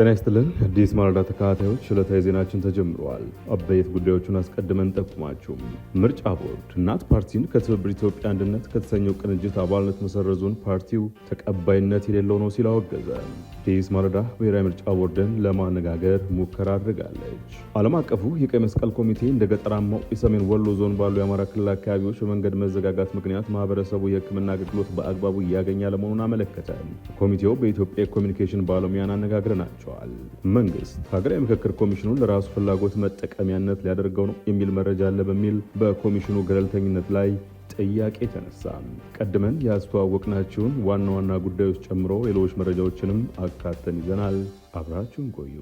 ጤና ይስጥልን አዲስ ማለዳ ተከታታዮች፣ ዕለታዊ ዜናችን ተጀምረዋል። አበይት ጉዳዮቹን አስቀድመን ጠቁማችሁ፣ ምርጫ ቦርድ እናት ፓርቲን ከትብብር ኢትዮጵያ አንድነት ከተሰኘው ቅንጅት አባልነት መሰረዙን ፓርቲው ተቀባይነት የሌለው ነው ሲል አወገዘ። አርቲስት ማረዳ ብሔራዊ ምርጫ ቦርድን ለማነጋገር ሙከራ አድርጋለች። ዓለም አቀፉ የቀይ መስቀል ኮሚቴ እንደ ገጠራማው የሰሜን ወሎ ዞን ባሉ የአማራ ክልል አካባቢዎች በመንገድ መዘጋጋት ምክንያት ማህበረሰቡ የሕክምና አገልግሎት በአግባቡ እያገኘ አለመሆኑን አመለከተ። ኮሚቴው በኢትዮጵያ የኮሚኒኬሽን ባለሙያን አነጋግረናቸዋል። መንግስት ሀገራዊ ምክክር ኮሚሽኑን ለራሱ ፍላጎት መጠቀሚያነት ሊያደርገው ነው የሚል መረጃ አለ በሚል በኮሚሽኑ ገለልተኝነት ላይ ጥያቄ ተነሳ። ቀድመን ያስተዋወቅናችሁን ዋና ዋና ጉዳዮች ጨምሮ ሌሎች መረጃዎችንም አካተን ይዘናል። አብራችሁን ቆዩ።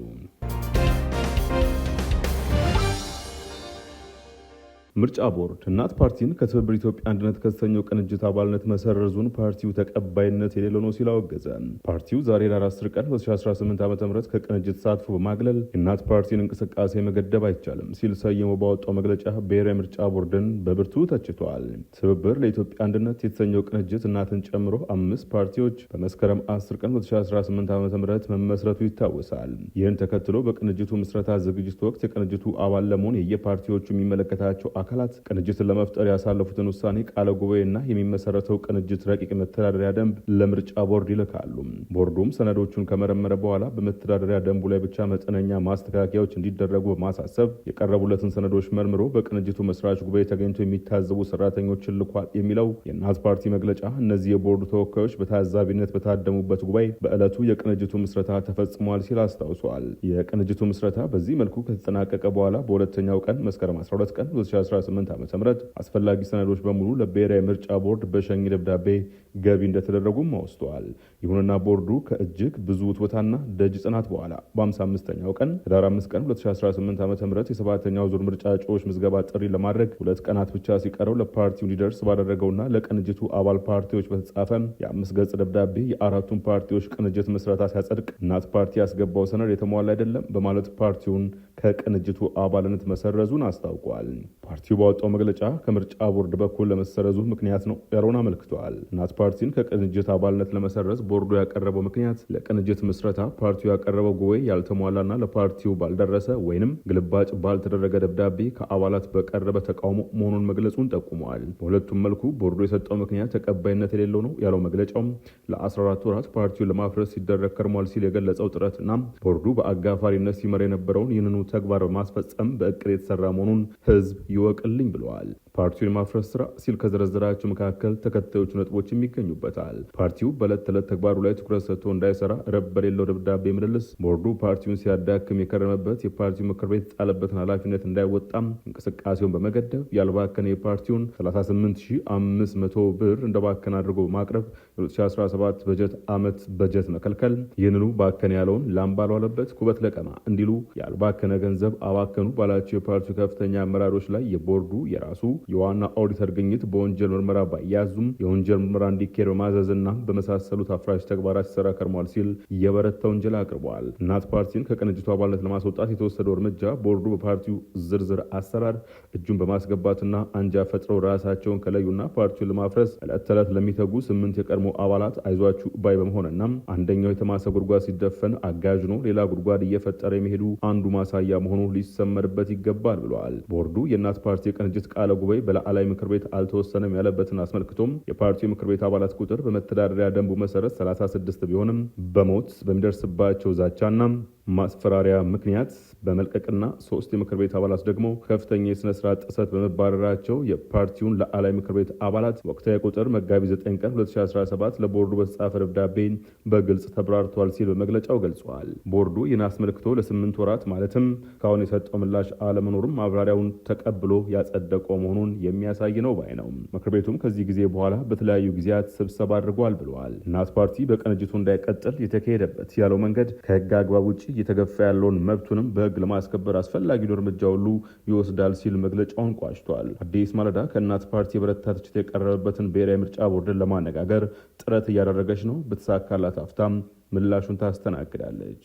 ምርጫ ቦርድ እናት ፓርቲን ከትብብር ኢትዮጵያ አንድነት ከተሰኘው ቅንጅት አባልነት መሰረዙን ፓርቲው ተቀባይነት የሌለው ነው ሲል አወገዘ። ፓርቲው ዛሬ ለ 10 ቀን 2018 ዓ ም ከቅንጅት ተሳትፎ በማግለል የእናት ፓርቲን እንቅስቃሴ መገደብ አይቻልም ሲል ሰየሞ ባወጣው መግለጫ ብሔራዊ ምርጫ ቦርድን በብርቱ ተችቷል። ትብብር ለኢትዮጵያ አንድነት የተሰኘው ቅንጅት እናትን ጨምሮ አምስት ፓርቲዎች በመስከረም 10 ቀን 2018 ዓ ም መመስረቱ ይታወሳል። ይህን ተከትሎ በቅንጅቱ ምስረታ ዝግጅት ወቅት የቅንጅቱ አባል ለመሆን የየፓርቲዎቹ የሚመለከታቸው አካላት ቅንጅትን ለመፍጠር ያሳለፉትን ውሳኔ ቃለ ጉባኤና የሚመሰረተው ቅንጅት ረቂቅ መተዳደሪያ ደንብ ለምርጫ ቦርድ ይልካሉ። ቦርዱም ሰነዶቹን ከመረመረ በኋላ በመተዳደሪያ ደንቡ ላይ ብቻ መጠነኛ ማስተካከያዎች እንዲደረጉ በማሳሰብ የቀረቡለትን ሰነዶች መርምሮ በቅንጅቱ መስራች ጉባኤ ተገኝቶ የሚታዘቡ ሰራተኞችን ልኳል የሚለው የእናት ፓርቲ መግለጫ እነዚህ የቦርዱ ተወካዮች በታዛቢነት በታደሙበት ጉባኤ በዕለቱ የቅንጅቱ ምስረታ ተፈጽሟል ሲል አስታውሷል። የቅንጅቱ ምስረታ በዚህ መልኩ ከተጠናቀቀ በኋላ በሁለተኛው ቀን መስከረም 12 ቀን 2015 2018 ዓ ም አስፈላጊ ሰነዶች በሙሉ ለብሔራዊ ምርጫ ቦርድ በሸኝ ደብዳቤ ገቢ እንደተደረጉም አወስተዋል። ይሁንና ቦርዱ ከእጅግ ብዙ ውትወታና ደጅ ጽናት በኋላ በ55ኛው ቀን ህዳር 5 ቀን 2018 ዓ ም የሰባተኛው ዙር ምርጫ እጩዎች ምዝገባ ጥሪ ለማድረግ ሁለት ቀናት ብቻ ሲቀረው ለፓርቲው ሊደርስ ባደረገውና ለቅንጅቱ አባል ፓርቲዎች በተጻፈ የአምስት ገጽ ደብዳቤ የአራቱን ፓርቲዎች ቅንጅት ምስረታ ሲያጸድቅ እናት ፓርቲ ያስገባው ሰነድ የተሟላ አይደለም በማለት ፓርቲውን ከቅንጅቱ አባልነት መሰረዙን አስታውቋል። ፓርቲው ባወጣው መግለጫ ከምርጫ ቦርድ በኩል ለመሰረዙ ምክንያት ነው ያለውን አመልክተዋል። እናት ፓርቲን ከቅንጅት አባልነት ለመሰረዝ ቦርዱ ያቀረበው ምክንያት ለቅንጅት ምስረታ ፓርቲው ያቀረበው ጉባኤ ያልተሟላና ለፓርቲው ባልደረሰ ወይንም ግልባጭ ባልተደረገ ደብዳቤ ከአባላት በቀረበ ተቃውሞ መሆኑን መግለጹን ጠቁመዋል። በሁለቱም መልኩ ቦርዱ የሰጠው ምክንያት ተቀባይነት የሌለው ነው ያለው መግለጫውም ለ14 ወራት ፓርቲውን ለማፍረስ ሲደረግ ከርሟል ሲል የገለጸው ጥረትና ቦርዱ በአጋፋሪነት ሲመራ የነበረውን ይህንኑ ተግባር በማስፈጸም በእቅድ የተሰራ መሆኑን ህዝብ ይወቅልኝ ብለዋል። ፓርቲውን የማፍረስ ስራ ሲል ከዘረዘራቸው መካከል ተከታዮቹ ነጥቦችም ይገኙበታል። ፓርቲው በዕለት ተዕለት ተግባሩ ላይ ትኩረት ሰጥቶ እንዳይሰራ ረብ በሌለው ደብዳቤ ምልልስ ቦርዱ ፓርቲውን ሲያዳክም የከረመበት የፓርቲው ምክር ቤት የተጣለበትን ኃላፊነት እንዳይወጣም እንቅስቃሴውን በመገደብ ያልባከነ የፓርቲውን 38500 ብር እንደባከን አድርጎ በማቅረብ የ2017 በጀት ዓመት በጀት መከልከል፣ ይህንኑ ባከን ያለውን ላምባ ላዋለበት ኩበት ለቀማ እንዲሉ ያልባከነ ገንዘብ አባከኑ ባላቸው የፓርቲው ከፍተኛ አመራሮች ላይ የቦርዱ የራሱ የዋና ኦዲተር ግኝት በወንጀል ምርመራ ባያዙም የወንጀል ምርመራ እንዲካሄድ በማዘዝና በመሳሰሉት አፍራሽ ተግባራት ሲሰራ ከርሟል ሲል የበረታ ወንጀል አቅርበዋል። እናት ፓርቲን ከቅንጅቱ አባልነት ለማስወጣት የተወሰደው እርምጃ ቦርዱ በፓርቲው ዝርዝር አሰራር እጁን በማስገባትና አንጃ ፈጥረው ራሳቸውን ከለዩና ፓርቲውን ለማፍረስ ዕለት ተዕለት ለሚተጉ ስምንት የቀድሞ አባላት አይዟችሁ ባይ በመሆንና አንደኛው የተማሰ ጉድጓድ ሲደፈን አጋዥ ነው ሌላ ጉድጓድ እየፈጠረ የሚሄዱ አንዱ ማሳያ መሆኑ ሊሰመርበት ይገባል ብለዋል። ቦርዱ የእናት ፓርቲ ቅንጅት ቃለ ጉባኤ ሆይ በላዕላይ ምክር ቤት አልተወሰነም ያለበትን አስመልክቶም የፓርቲው ምክር ቤት አባላት ቁጥር በመተዳደሪያ ደንቡ መሰረት 36 ቢሆንም በሞት በሚደርስባቸው ዛቻና ማስፈራሪያ ምክንያት በመልቀቅና ሶስት የምክር ቤት አባላት ደግሞ ከፍተኛ የሥነ ስርዓት ጥሰት በመባረራቸው የፓርቲውን ሉዓላዊ ምክር ቤት አባላት ወቅታዊ ቁጥር መጋቢት 9 ቀን 2017 ለቦርዱ በተጻፈ ደብዳቤ በግልጽ ተብራርቷል ሲል በመግለጫው ገልጿል። ቦርዱ ይህን አስመልክቶ ለስምንት ወራት ማለትም እስካሁን የሰጠው ምላሽ አለመኖሩም ማብራሪያውን ተቀብሎ ያጸደቀው መሆኑን የሚያሳይ ነው ባይ ነው። ምክር ቤቱም ከዚህ ጊዜ በኋላ በተለያዩ ጊዜያት ስብሰባ አድርጓል ብለዋል። እናት ፓርቲ በቅንጅቱ እንዳይቀጥል የተካሄደበት ያለው መንገድ ከህግ አግባብ ውጭ እየተገፋ ያለውን መብቱንም በህግ ለማስከበር አስፈላጊውን እርምጃ ሁሉ ይወስዳል ሲል መግለጫውን ቋጭቷል። አዲስ ማለዳ ከእናት ፓርቲ የበረታ ትችት የቀረበበትን ብሔራዊ ምርጫ ቦርድን ለማነጋገር ጥረት እያደረገች ነው። በተሳካላት አፍታም ምላሹን ታስተናግዳለች።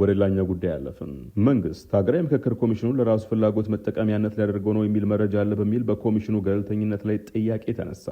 ወደ ሌላኛው ጉዳይ አለፍን። መንግስት ሀገራዊ ምክክር ኮሚሽኑን ለራሱ ፍላጎት መጠቀሚያነት ሊያደርገው ነው የሚል መረጃ አለ በሚል በኮሚሽኑ ገለልተኝነት ላይ ጥያቄ ተነሳ።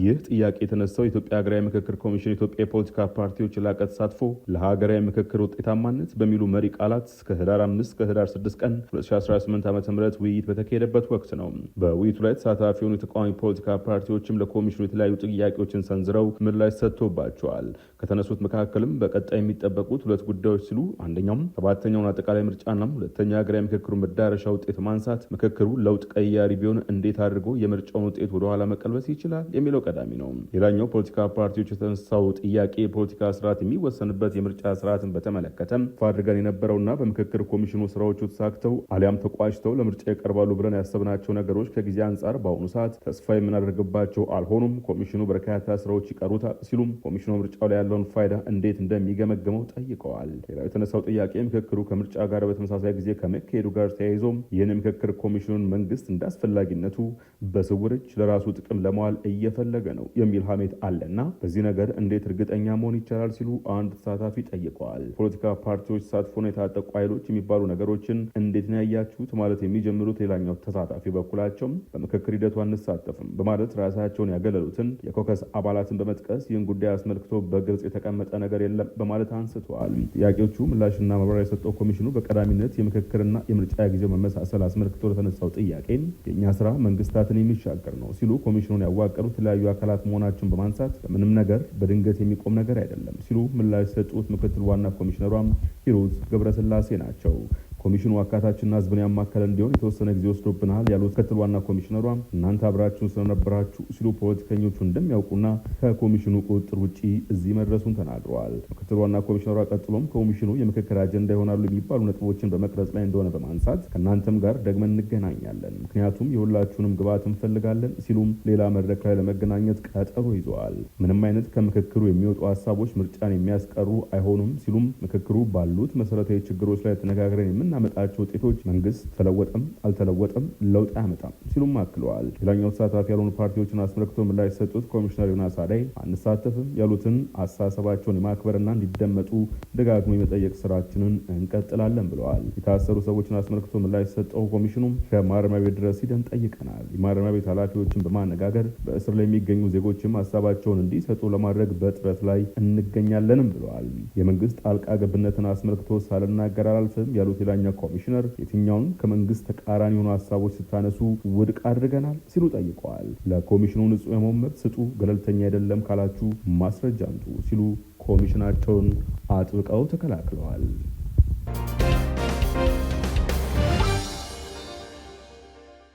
ይህ ጥያቄ የተነሳው የኢትዮጵያ ሀገራዊ ምክክር ኮሚሽን ኢትዮጵያ የፖለቲካ ፓርቲዎች የላቀ ተሳትፎ ለሀገራዊ ምክክር ውጤታማነት በሚሉ መሪ ቃላት ከህዳር 5 ከህዳር 6 ቀን 2018 ዓ ም ውይይት በተካሄደበት ወቅት ነው። በውይይቱ ላይ ተሳታፊ የሆኑ የተቃዋሚ ፖለቲካ ፓርቲዎችም ለኮሚሽኑ የተለያዩ ጥያቄዎችን ሰንዝረው ምላሽ ሰጥቶባቸዋል። ከተነሱት መካከልም በቀጣይ የሚጠበቁት ሁለት ጉዳዮች ሲሉ አንደኛውም ሰባተኛውን አጠቃላይ ምርጫና ሁለተኛ ሀገራዊ ምክክሩን መዳረሻ ውጤት ማንሳት፣ ምክክሩ ለውጥ ቀያሪ ቢሆን እንዴት አድርጎ የምርጫውን ውጤት ወደኋላ መቀልበስ ይችላል የሚለው ቀዳሚ ነው። ሌላኛው ፖለቲካ ፓርቲዎች የተነሳው ጥያቄ የፖለቲካ ስርዓት የሚወሰንበት የምርጫ ስርዓትን በተመለከተ አድርገን የነበረውና በምክክር ኮሚሽኑ ስራዎቹ ተሳክተው አሊያም ተቋጭተው ለምርጫ ይቀርባሉ ብለን ያሰብናቸው ነገሮች ከጊዜ አንጻር በአሁኑ ሰዓት ተስፋ የምናደርግባቸው አልሆኑም። ኮሚሽኑ በርካታ ስራዎች ይቀሩታል ሲሉም ኮሚሽኑ ምርጫው ላይ ያለውን ፋይዳ እንዴት እንደሚገመግመው ጠይቀዋል። ሌላው የተነሳ የተነሳው ጥያቄ ምክክሩ ከምርጫ ጋር በተመሳሳይ ጊዜ ከመካሄዱ ጋር ተያይዞ ይህን ምክክር ኮሚሽኑን መንግስት እንደ አስፈላጊነቱ በስውርች ለራሱ ጥቅም ለመዋል እየፈለገ ነው የሚል ሀሜት አለና በዚህ ነገር እንዴት እርግጠኛ መሆን ይቻላል ሲሉ አንድ ተሳታፊ ጠይቀዋል። ፖለቲካ ፓርቲዎች ተሳትፎን የታጠቁ ኃይሎች የሚባሉ ነገሮችን እንዴት ነው ያያችሁት ማለት የሚጀምሩት ሌላኛው ተሳታፊ በኩላቸው በምክክር ሂደቱ አንሳተፍም በማለት ራሳቸውን ያገለሉትን የኮከስ አባላትን በመጥቀስ ይህን ጉዳይ አስመልክቶ በግልጽ የተቀመጠ ነገር የለም በማለት አንስተዋል። ጥያቄዎቹ ምላሽና ማብራሪያ የሰጠው ኮሚሽኑ በቀዳሚነት የምክክርና የምርጫ ጊዜው መመሳሰል አስመልክቶ ለተነሳው ጥያቄ የእኛ ስራ መንግስታትን የሚሻገር ነው ሲሉ ኮሚሽኑን ያዋቀሩ የተለያዩ አካላት መሆናቸውን በማንሳት በምንም ነገር በድንገት የሚቆም ነገር አይደለም ሲሉ ምላሽ የሰጡት ምክትል ዋና ኮሚሽነሯም ሂሩት ገብረስላሴ ናቸው። ኮሚሽኑ አካታችና ህዝብን ያማከለ እንዲሆን የተወሰነ ጊዜ ወስዶብናል ያሉት ምክትል ዋና ኮሚሽነሯ እናንተ አብራችሁን ስለነበራችሁ ሲሉ ፖለቲከኞቹ እንደሚያውቁና ከኮሚሽኑ ቁጥጥር ውጭ እዚህ መድረሱን ተናግረዋል። ምክትል ዋና ኮሚሽነሯ ቀጥሎም ኮሚሽኑ የምክክር አጀንዳ ይሆናሉ የሚባሉ ነጥቦችን በመቅረጽ ላይ እንደሆነ በማንሳት ከእናንተም ጋር ደግመን እንገናኛለን፣ ምክንያቱም የሁላችሁንም ግብዓት እንፈልጋለን ሲሉም ሌላ መድረክ ላይ ለመገናኘት ቀጠሮ ይዘዋል። ምንም አይነት ከምክክሩ የሚወጡ ሀሳቦች ምርጫን የሚያስቀሩ አይሆኑም ሲሉም ምክክሩ ባሉት መሰረታዊ ችግሮች ላይ ተነጋግረን የምና የምናመጣቸው ውጤቶች መንግስት ተለወጠም አልተለወጠም ለውጥ አያመጣም ሲሉም አክለዋል። ሌላኛው ተሳታፊ ያልሆኑ ፓርቲዎችን አስመልክቶ ምላሽ የሰጡት ኮሚሽነር ዮናስ አዳይ አንሳተፍም ያሉትን አስተሳሰባቸውን የማክበርና እንዲደመጡ ደጋግሞ የመጠየቅ ስራችንን እንቀጥላለን ብለዋል። የታሰሩ ሰዎችን አስመልክቶ ምላሽ የሰጠው ኮሚሽኑም ከማረሚያ ቤት ድረስ ሂደን ጠይቀናል። የማረሚያ ቤት ኃላፊዎችን በማነጋገር በእስር ላይ የሚገኙ ዜጎችም ሀሳባቸውን እንዲሰጡ ለማድረግ በጥረት ላይ እንገኛለንም ብለዋል። የመንግስት ጣልቃ ገብነትን አስመልክቶ ሳልናገር አላልፍም ያሉት ሌላኛው ከፍተኛ ኮሚሽነር የትኛውን ከመንግስት ተቃራኒ የሆኑ ሀሳቦች ስታነሱ ውድቅ አድርገናል ሲሉ ጠይቀዋል። ለኮሚሽኑ ንጹህ የመሆን መብት ስጡ፣ ገለልተኛ አይደለም ካላችሁ ማስረጃ አምጡ ሲሉ ኮሚሽናቸውን አጥብቀው ተከላክለዋል።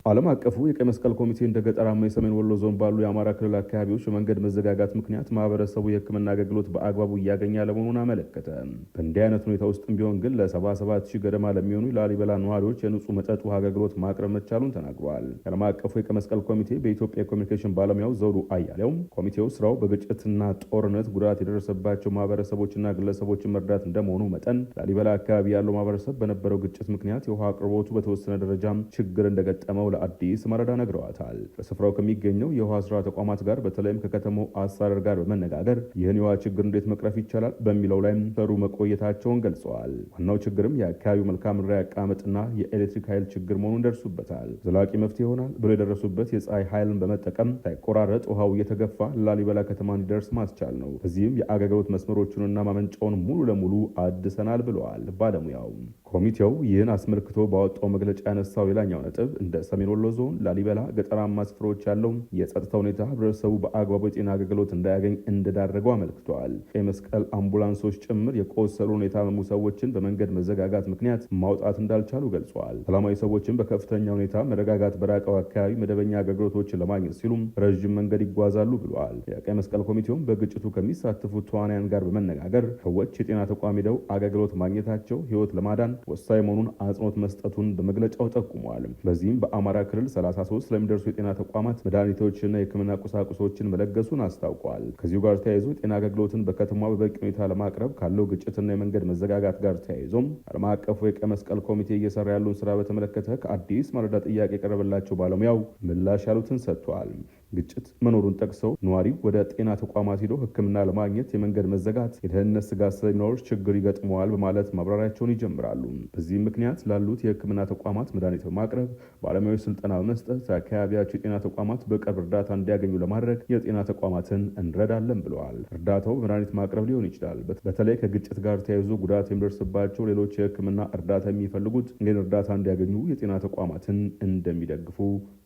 ዓለም አቀፉ የቀይ መስቀል ኮሚቴ እንደ ገጠራማ የሰሜን ወሎ ዞን ባሉ የአማራ ክልል አካባቢዎች በመንገድ መዘጋጋት ምክንያት ማህበረሰቡ የሕክምና አገልግሎት በአግባቡ እያገኘ አለመሆኑን አመለከተ። በእንዲህ አይነት ሁኔታ ውስጥም ቢሆን ግን ለ77 ሺህ ገደማ ለሚሆኑ ላሊበላ ነዋሪዎች የንጹህ መጠጥ ውሃ አገልግሎት ማቅረብ መቻሉን ተናግረዋል። የዓለም አቀፉ የቀይ መስቀል ኮሚቴ በኢትዮጵያ የኮሚኒኬሽን ባለሙያው ዘውዱ አያሌው ኮሚቴው ስራው በግጭትና ጦርነት ጉዳት የደረሰባቸው ማህበረሰቦችና ግለሰቦችን መርዳት እንደመሆኑ መጠን ላሊበላ አካባቢ ያለው ማህበረሰብ በነበረው ግጭት ምክንያት የውሃ አቅርቦቱ በተወሰነ ደረጃም ችግር እንደገጠመው ለአዲስ መረዳ ነግረዋታል። በስፍራው ከሚገኘው የውሃ ስራ ተቋማት ጋር በተለይም ከከተማው አስተዳደር ጋር በመነጋገር ይህን የውሃ ችግር እንዴት መቅረፍ ይቻላል በሚለው ላይም ሰሩ መቆየታቸውን ገልጸዋል። ዋናው ችግርም የአካባቢው መልክዓ ምድራዊ አቀማመጥና የኤሌክትሪክ ኃይል ችግር መሆኑን ደርሱበታል። ዘላቂ መፍትሄ ይሆናል ብሎ የደረሱበት የፀሐይ ኃይልን በመጠቀም ሳይቆራረጥ ውሃው እየተገፋ ላሊበላ ከተማ እንዲደርስ ማስቻል ነው። በዚህም የአገልግሎት መስመሮቹንና ማመንጫውን ሙሉ ለሙሉ አድሰናል ብለዋል ባለሙያው። ኮሚቴው ይህን አስመልክቶ ባወጣው መግለጫ ያነሳው ሌላኛው ነጥብ እንደ በሰሜን ወሎ ዞን ላሊበላ ገጠራማ ስፍራዎች ያለው የጸጥታ ሁኔታ ህብረተሰቡ በአግባቡ የጤና አገልግሎት እንዳያገኝ እንደዳረገው አመልክተዋል። ቀይ መስቀል አምቡላንሶች ጭምር የቆሰሉን የታመሙ ሰዎችን በመንገድ መዘጋጋት ምክንያት ማውጣት እንዳልቻሉ ገልጸዋል። ሰላማዊ ሰዎችን በከፍተኛ ሁኔታ መረጋጋት በራቀው አካባቢ መደበኛ አገልግሎቶችን ለማግኘት ሲሉም ረዥም መንገድ ይጓዛሉ ብለዋል። የቀይ መስቀል ኮሚቴውም በግጭቱ ከሚሳተፉ ተዋናያን ጋር በመነጋገር ሰዎች የጤና ተቋም ሄደው አገልግሎት ማግኘታቸው ህይወት ለማዳን ወሳኝ መሆኑን አጽንኦት መስጠቱን በመግለጫው ጠቁሟል። በዚህም በአማ በአማራ ክልል 33 ለሚደርሱ የጤና ተቋማት መድኃኒቶችና የሕክምና ቁሳቁሶችን መለገሱን አስታውቋል። ከዚሁ ጋር ተያይዞ የጤና አገልግሎትን በከተማ በበቂ ሁኔታ ለማቅረብ ካለው ግጭትና የመንገድ መዘጋጋት ጋር ተያይዞም ዓለም አቀፉ የቀይ መስቀል ኮሚቴ እየሰራ ያለውን ስራ በተመለከተ ከአዲስ ማለዳ ጥያቄ የቀረበላቸው ባለሙያው ምላሽ ያሉትን ሰጥቷል። ግጭት መኖሩን ጠቅሰው ነዋሪው ወደ ጤና ተቋማት ሂዶ ሕክምና ለማግኘት የመንገድ መዘጋት፣ የደህንነት ስጋት ስለሚኖር ችግር ይገጥመዋል በማለት ማብራሪያቸውን ይጀምራሉ። በዚህም ምክንያት ላሉት የሕክምና ተቋማት መድኃኒት በማቅረብ ባለሙያዎች ስልጠና በመስጠት አካባቢያቸው የጤና ተቋማት በቅርብ እርዳታ እንዲያገኙ ለማድረግ የጤና ተቋማትን እንረዳለን ብለዋል። እርዳታው በመድኃኒት ማቅረብ ሊሆን ይችላል። በተለይ ከግጭት ጋር ተያይዞ ጉዳት የሚደርስባቸው ሌሎች የሕክምና እርዳታ የሚፈልጉት ይህን እርዳታ እንዲያገኙ የጤና ተቋማትን እንደሚደግፉ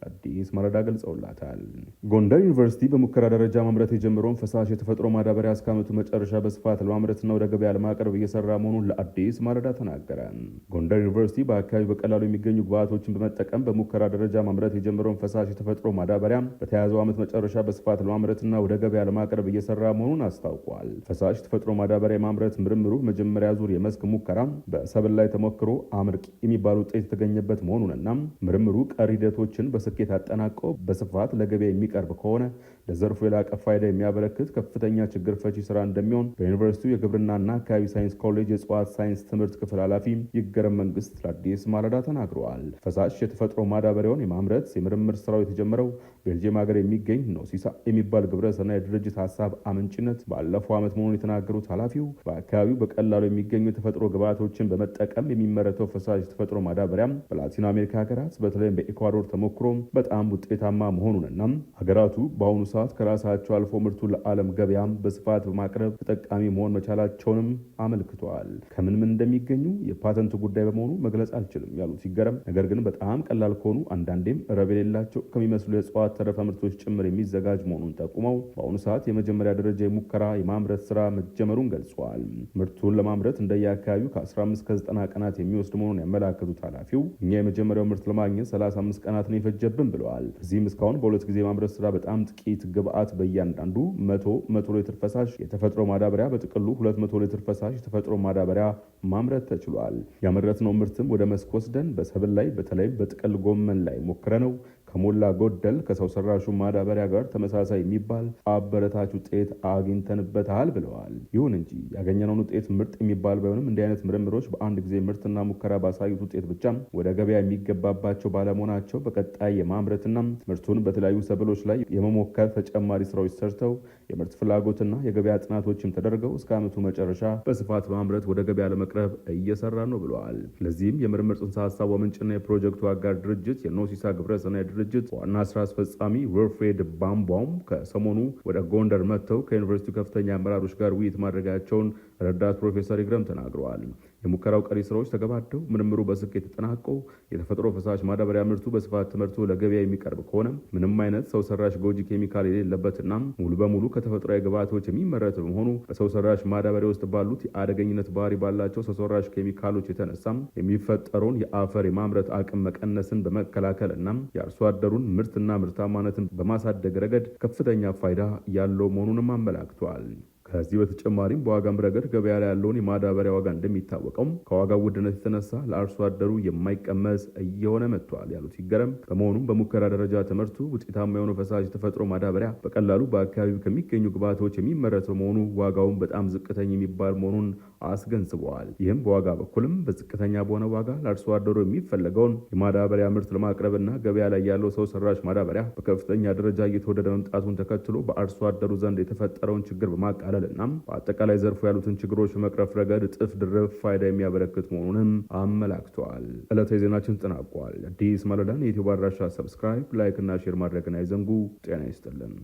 አዲስ መረዳ ገልጸውላታል። ጎንደር ዩኒቨርሲቲ በሙከራ ደረጃ ማምረት የጀመረውን ፈሳሽ የተፈጥሮ ማዳበሪያ እስከ ዓመቱ መጨረሻ በስፋት ለማምረትና ወደ ገበያ ለማቅረብ እየሰራ መሆኑን ለአዲስ ማለዳ ተናገረ። ጎንደር ዩኒቨርሲቲ በአካባቢ በቀላሉ የሚገኙ ግብዓቶችን በመጠቀም በሙከራ ደረጃ ማምረት የጀመረውን ፈሳሽ የተፈጥሮ ማዳበሪያ በተያያዘው ዓመት መጨረሻ በስፋት ለማምረትና ወደ ገበያ ለማቅረብ እየሰራ መሆኑን አስታውቋል። ፈሳሽ የተፈጥሮ ማዳበሪያ የማምረት ምርምሩ መጀመሪያ ዙር የመስክ ሙከራ በሰብል ላይ ተሞክሮ አምርቅ የሚባል ውጤት የተገኘበት መሆኑንና ምርምሩ ቀሪ ሂደቶችን በስኬት አጠናቀው በስፋት ለገበያ የሚ የሚቀርብ ከሆነ ለዘርፉ የላቀ ፋይዳ የሚያበረክት ከፍተኛ ችግር ፈቺ ስራ እንደሚሆን በዩኒቨርሲቲው የግብርናና አካባቢ ሳይንስ ኮሌጅ የእጽዋት ሳይንስ ትምህርት ክፍል ኃላፊ ይገረም መንግስት ለአዲስ ማለዳ ተናግረዋል። ፈሳሽ የተፈጥሮ ማዳበሪያውን የማምረት የምርምር ስራው የተጀመረው ቤልጅየም ሀገር የሚገኝ ነው ሲሳ የሚባል ግብረሰናይ ድርጅት ሀሳብ አመንጭነት ባለፈው ዓመት መሆኑን የተናገሩት ኃላፊው በአካባቢው በቀላሉ የሚገኙ የተፈጥሮ ግብዓቶችን በመጠቀም የሚመረተው ፈሳሽ የተፈጥሮ ማዳበሪያም በላቲኖ አሜሪካ ሀገራት በተለይም በኢኳዶር ተሞክሮም በጣም ውጤታማ መሆኑንና ሀገራቱ በአሁኑ ሰዓት ከራሳቸው አልፎ ምርቱን ለዓለም ገበያም በስፋት በማቅረብ ተጠቃሚ መሆን መቻላቸውንም አመልክተዋል። ከምን ምን እንደሚገኙ የፓተንት ጉዳይ በመሆኑ መግለጽ አልችልም ያሉት ሲገረም፣ ነገር ግን በጣም ቀላል ከሆኑ አንዳንዴም ረብ የሌላቸው ከሚመስሉ የእጽዋት ተረፈ ምርቶች ጭምር የሚዘጋጅ መሆኑን ጠቁመው በአሁኑ ሰዓት የመጀመሪያ ደረጃ የሙከራ የማምረት ስራ መጀመሩን ገልጸዋል። ምርቱን ለማምረት እንደየአካባቢው ከ15 ከ90 ቀናት የሚወስድ መሆኑን ያመላከቱት ኃላፊው እኛ የመጀመሪያው ምርት ለማግኘት 35 ቀናትን የፈጀብን ብለዋል። እዚህም እስካሁን በሁለት ጊዜ ማምረት የማዳበሪያ ስራ በጣም ጥቂት ግብአት በእያንዳንዱ መቶ መቶ ሊትር ፈሳሽ የተፈጥሮ ማዳበሪያ በጥቅሉ መቶ ሊትር ፈሳሽ የተፈጥሮ ማዳበሪያ ማምረት ተችሏል። ያመረትነው ምርትም ወደ መስክ ወስደን በሰብል ላይ በተለይም በጥቅል ጎመን ላይ ሞክረ ነው ከሞላ ጎደል ከሰው ሰራሹ ማዳበሪያ ጋር ተመሳሳይ የሚባል አበረታች ውጤት አግኝተንበታል ብለዋል። ይሁን እንጂ ያገኘነውን ውጤት ምርጥ የሚባል ባይሆንም እንዲህ አይነት ምርምሮች በአንድ ጊዜ ምርትና ሙከራ ባሳዩት ውጤት ብቻ ወደ ገበያ የሚገባባቸው ባለመሆናቸው በቀጣይ የማምረትና ምርቱን በተለያዩ ሰብሎች ላይ የመሞከር ተጨማሪ ስራዎች ሰርተው የምርት ፍላጎትና የገበያ ጥናቶችም ተደርገው እስከ ዓመቱ መጨረሻ በስፋት ማምረት ወደ ገበያ ለመቅረብ እየሰራ ነው ብለዋል። ለዚህም የምርምር ጽንሰ ሀሳቡ ምንጭና የፕሮጀክቱ አጋር ድርጅት የኖሲሳ ግብረሰናይ ድርጅት ድርጅት ዋና ስራ አስፈጻሚ ዊልፍሬድ ባምቧም ከሰሞኑ ወደ ጎንደር መጥተው ከዩኒቨርሲቲው ከፍተኛ አመራሮች ጋር ውይይት ማድረጋቸውን ረዳት ፕሮፌሰር ይግረም ተናግረዋል። የሙከራው ቀሪ ስራዎች ተገባደው ምርምሩ በስኬት ተጠናቆ የተፈጥሮ ፈሳሽ ማዳበሪያ ምርቱ በስፋት ተመርቶ ለገበያ የሚቀርብ ከሆነ ምንም አይነት ሰው ሰራሽ ጎጂ ኬሚካል የሌለበትና ሙሉ በሙሉ ከተፈጥሯዊ ግብዓቶች የሚመረት በመሆኑ በሰው ሰራሽ ማዳበሪያ ውስጥ ባሉት የአደገኝነት ባህሪ ባላቸው ሰው ሰራሽ ኬሚካሎች የተነሳም የሚፈጠረውን የአፈር የማምረት አቅም መቀነስን በመከላከል እና የአርሶ አደሩን ምርትና ምርታማነትን በማሳደግ ረገድ ከፍተኛ ፋይዳ ያለው መሆኑንም አመላክተዋል። ከዚህ በተጨማሪም በዋጋም ረገድ ገበያ ላይ ያለውን የማዳበሪያ ዋጋ እንደሚታወቀው ከዋጋው ውድነት የተነሳ ለአርሶ አደሩ የማይቀመስ እየሆነ መጥቷል ያሉት ይገረም፣ በመሆኑም በሙከራ ደረጃ ትምህርቱ ውጤታማ የሆነ ፈሳሽ የተፈጥሮ ማዳበሪያ በቀላሉ በአካባቢው ከሚገኙ ግብዓቶች የሚመረት በመሆኑ ዋጋውን በጣም ዝቅተኝ የሚባል መሆኑን አስገንዝበዋል። ይህም በዋጋ በኩልም በዝቅተኛ በሆነ ዋጋ ለአርሶ አደሩ የሚፈለገውን የማዳበሪያ ምርት ለማቅረብና ገበያ ላይ ያለው ሰው ሰራሽ ማዳበሪያ በከፍተኛ ደረጃ እየተወደደ መምጣቱን ተከትሎ በአርሶ አደሩ ዘንድ የተፈጠረውን ችግር በማቃለል እናም በአጠቃላይ ዘርፉ ያሉትን ችግሮች በመቅረፍ ረገድ እጥፍ ድርብ ፋይዳ የሚያበረክት መሆኑንም አመላክተዋል። ዕለታዊ ዜናችን ተጠናቋል። አዲስ ማለዳን የኢትዮ አድራሻ ሰብስክራይብ፣ ላይክ እና ሼር ማድረግን አይዘንጉ። ጤና ይስጥልን።